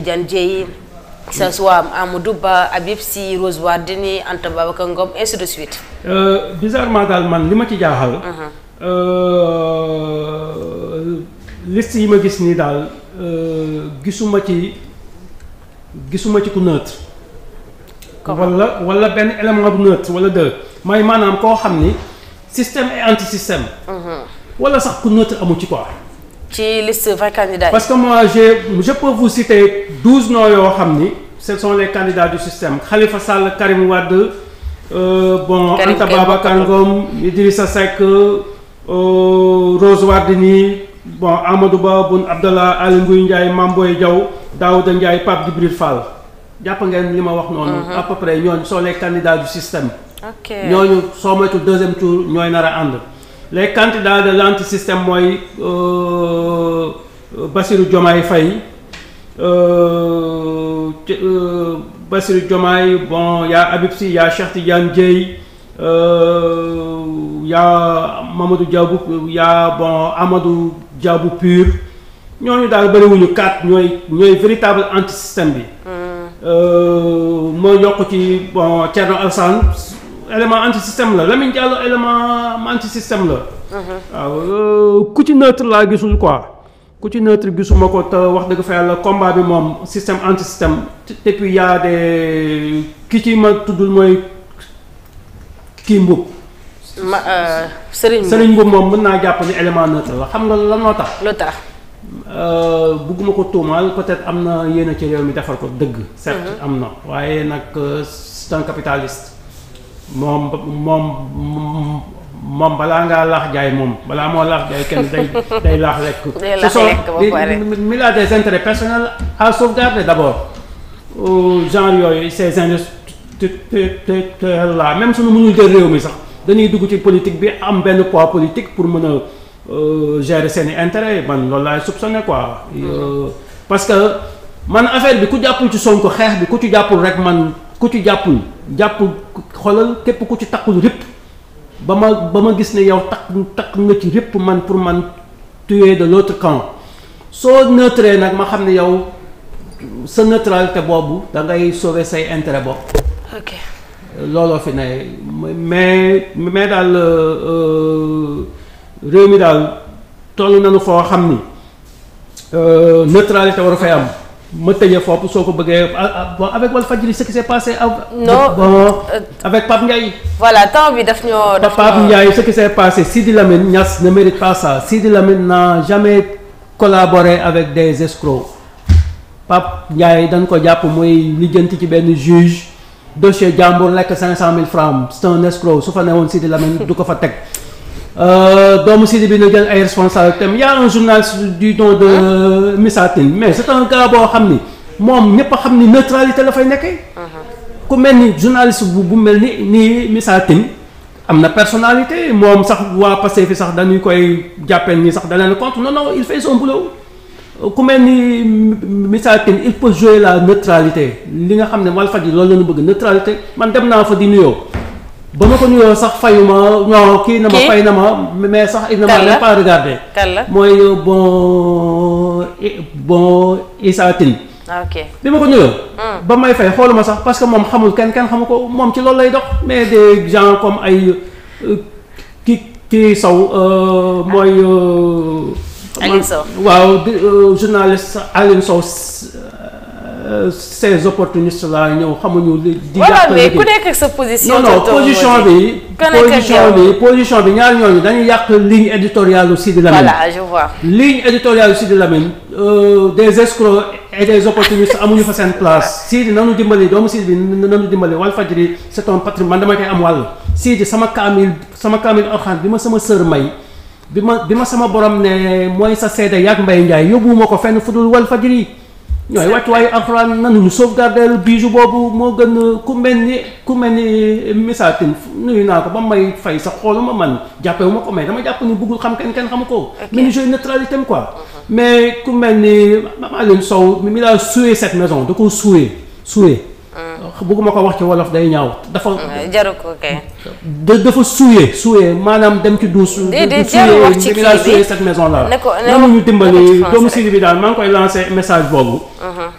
Tidiane Dieye que ça soit Amadou Ba Habib Sy Rose Wardini Anta Babacar Ngom ainsi de suite. Euh, bizarrement daal man li ma ci jaaxal. Mhm. Euh, liste yi ma gis nii daal euh, gisuma ci gisuma ci ku neutre. wala wala benn élément bu neutre wala deux may maanaam koo xam ni système et anti système. Mhm. wala sax ku neutre amu ci quoi. ci liste vingt candidats yi. parce que moi je je peux vous citer. douze noms yoo xam ni ce sont les candidats du système Khalifa Sall Karim Wade euh, bon Anta Babacar Ngom Idrissa Seck euh, Rose Wardini bon Amadou Ba Boun Abdallah Aly Ngouille Ndiaye Mame Boye Diao Daouda Ndiaye Pape Djibril Fall jàpp ngeen li ma wax noonu uh-huh. à peu près ñooñu sont les candidats du système ñooñu soo moytul deuxième tour ñooy nar a ànd les candidats de l'anti-système mooy euh, basiru Diomaye Faye Euh, euh, Bassirou Diomaye bon y' a Habib Sy y' a Cheikh Tidiane euh, Mamadou Diabou y' a bon Amadou jaabu Pur ñooñu daal bëriwuñu quatre ñooy ñooy véritable anti-système bi. Hmm. moo yokk ci bon Thierno Alassane élément anti-système la Lamine Diallo élément anti-système la. Hmm. waaw ku ci neutre laa gisul quoi. ku ci neutre gisuma ko te wax dëgg fa la combat bi moom système anti système et puis ki ci ma tuddul mooy kii mbub ma euh, Serigne Serigne Mbub moom mën naa jàpp ni élément neutre la xam na lan moo tax. lu tax. Euh, bugguma ko tuumaal peut am na yéen ci réew mi defar ko dëgg. certes mhm. am na waaye nag euh, c'est un capitaliste moom moom. moom balaa ngaa laax jaay moom balaa moo laax jaay kenn day day laax lekk ce sont mi la des intérêts personnels à sauvegarder d'abord genre yooyu ces investisseurs là même mu mënul jël réew mi sax dañuy dugg ci politique bi am benn poids politique pour mën a euh, gérer seeni intérêts man loolu laay soupçonné quoi mm-hmm. euh, parce que man affaire bi ku jàppul ci ko xeex bi ku ci jàppul rek man ku ci jàppul jàppul xoolal képp ku ci takkul rip ba ma ba ma gis ne yow takk takk nga ci répp man pour man tuer de l'autre camp soo neutre nag ma xam ne yow sa neutralité boobu da ngay sauver say intérêt bopp. ok looloo fi ne mais mais daal euh, euh, réew mi daal toll nañu foo xam ni euh, neutralité waru fay am. ma tëjee foofu soo ko bëggee ah, ah, bon avec Walfadjri ce qui s'est passé. non bon euh, avec Pape Ndiaye. voilà temps bi daf ñoo. daf ñoo Pape Ndiaye ce qui s'est passé Sidi Lamine Niass ne mérite pas ça n'a jamais collaboré avec des escrocs Pape Ndiaye dañ ko jàpp muy lijjanti ci benn juge dossier jàmbur lekk cinq cent mille francs c'est un escroc su fa newoon Sidi Lamine du ko fa teg. Euh, doomu Sidi bi na jël ay responsabilités y a un journaliste du nom de ah. Misatine mais c'est un gars boo xam ni moom ñëpp a xam ni neutralité la fay nekkee. Uh-huh. ku mel ni journaliste bu bu mel ni ni Misatine am na personnalité moom sax waa Pastef fi sax dañuy koy jàppee ni sax da leen compte non non il fait son boulot ku mel ni Misatine il peut jouer la neutralité li nga xam ne Walfadjri loolu la bëgg neutralité man dem naa fa di nuyoo. ba ma ko nuyoo sax fayuma kii na ma fay na ma mais sax il ne m'a même pas regardé mooy euh, bon bon ah, bi ma ko nuyoo hmm. ba may fay xooluma sax parce que moom xamul kenn kenn xamu ko moom ci loolu lay dox mais des gens comme ay euh, kii Sow euh, mooy Alioune waaw journaliste Alioune Sow ces opportunistes là ñëw xamuñu. di jàpp liggéey ku nekk sa position. non non bi. position bi position bi ñaar ñooñu dañu yàq ligne éditoriale Sidi Lamine. voilà je vois. ligne éditoriale Sidi Lamine euh, des escrocs des opportunistes amuñu fa seen place. Sidi nanu dimbali doomu Sidi bi nanu dimbali Walfadjri c'est un patrimoine dama koy am wàll. Sidi sama kaamil sama kaamil Alxuraan bi ma sama sœur may. bi ma bi ma sama borom ne mooy sa seede yàgg Mbaye Ndiaye yóbbuwuma ko fenn fu dul Walfadjri ñooy wàccuwaayu alxuraan nanu ñu sauvegarder bijou boobu moo gën ku mel ni ku mel ni misaatin nuyu naa ko ba may fay sax ma man jàppewu ma ko mais dama jàpp ni bëggul xam kenn kenn xamu ko. ok jouer neutralité am quoi. Uh-huh. mais ku mel ni Alioune Sow mi laa suwee cette maison da koo suwee suwee. bëgguma ko wax ci wolof day ñaaw. dafa mm, jaru ko kay. dafa suuyee suuyee maanaam dem ci duus. déedéet jarul wax ci kii bi suuyee cette maison là. ne ko ne ñu dimbali doomu Sidy bi daal maa ngi koy lancer message boobu. Mm-hmm.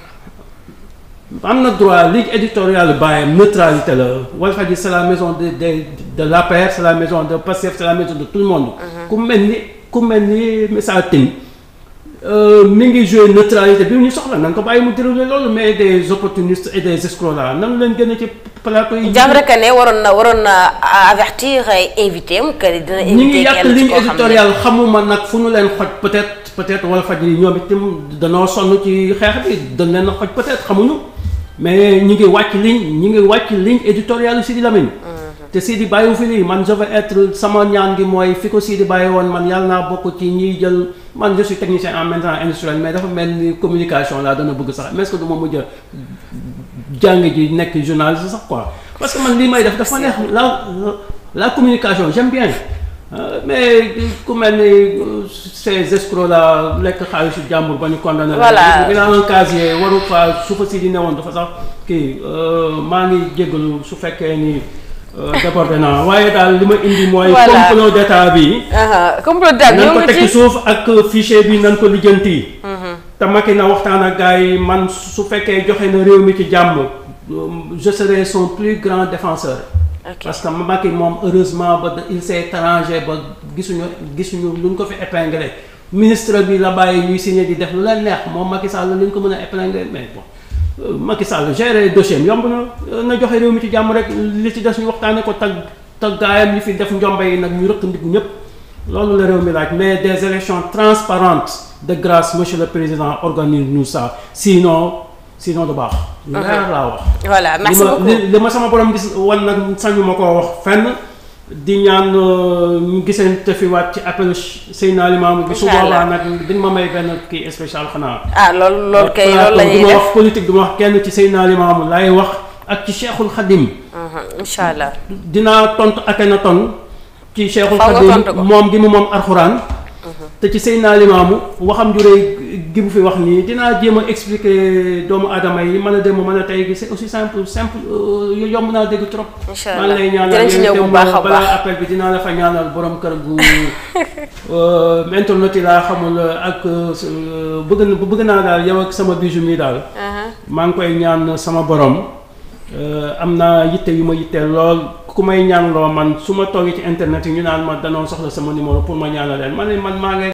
am na droit ligne éditoriale bàyyam neutralité la Walfadjri c'est la maison de de de l'APR c'est la maison de Pastef c'est la maison de tout le monde. Mm-hmm. ku mel ni ku mel ni message tin Euh, mi ngi joué neutralité bi ñu soxla nan ko bàyyi mu déroulé loolu mais des opportunistes et des escrocs là leen gën a ci plateau yi. Jamra Kane waroon na waroon na avertir ay invité am que dina. invité ñu ngi yàq ligne éditoriale xamuma nag fu ñu leen xoj peut-être peut-être wala faj yi ñoom itam danoo sonn ci xeex bi dañ leen a xoj peut-être xamuñu mais ñu ngi wàcc ligne ñu ngi wàcc ligne éditoriale Sidi Lamine. te Sidi bàyyiwu fi lii man je veux être sama ñaan gi mooy fi ko Sidi bàyyi woon man yàlla naa bokk ci ñiy jël man je technicien en même temps industriel mais dafa mel ni communication laa dana bëgg sax mais est-ce que du ma mujj a jàng ji nekk journaliste sax quoi parce que man lii may def dafa la la communication j'aime bien euh, mais ku ni euh, ces escrocs là lekk xaalisu ba ñu condamné. voilà il a un casier waru fa su fa si di newoon dafa sax kii euh, maa ngi jégalu su fekkee ni. Euh, déporté naa waaye daal li ma indi mooy. complot d'état bii complot d'état ñoo ngi ko teg suuf ak fichier bi nan ko lijjanti. Mhm. te Macky na waxtaan ak gars yi man su fekkee joxe na réew mi ci jàmm euh, je serai son plus grand défenseur. Okay. parce que Macky moom heureusement ba il s'est arrangé ba gisuñu gisuñu luñ ko fi épinglé ministre bi la bàyyi ñuy signé di def lu la neex moom Macky Sall luñ ko mën a épinglé mais bon. ma Sall gérer dossier am yomb na na joxe réew mi ci jàmm rek li ci des ñu waxtaanee ko tag tag gaayam ñu fi def njomba yi nag ñu rëq ndig ñëpp loolu la réew mi laaj mais des élections transparentes de grâce monsieur le président organise nous ça si sinon du baax. leer laa wax. voilà merci beaucoup li borom gis wan koo wax fenn. di ñaan euh, ñu giseen te fi waat ci appel Seydina Limaamu bi su boobaa nag dañ ma may benn kii spécial xanaa. ah loolu kay loolu wax politique du wax kenn ci Seydina Limaamu laay wax ak ci Cheikhul Khadim. Mhm, incha allah dinaa tontu ak na ton ci Cheikhul Khadim moom gi mu moom alxuraan. te ci Seydina Limaamu waxam ju rëy gi bu fi wax nii dinaa jéem a expliquer doomu aadama yi mën a dem man a tey gi c'est aussi simple simple euh, yomb naa dégg trop. incha allah dinañ ci ñëw bu baax a baax maa ngi lay ñaanal balaa appel bi dinaa la fa ñaanal borom kër gu. Euh, internet yi laa xamul euh, ak bëgg na bëgg naa daal yow ak sama bijou mi daal. Uh-huh. maa ngi koy ñaan sama borom. am na yitte yu ma yitteel lool ku may ñaan loo man su ma toogee ci internet yi ñu naan ma danoon soxla sama numéro pour ma ñaanal leen man man maa ngi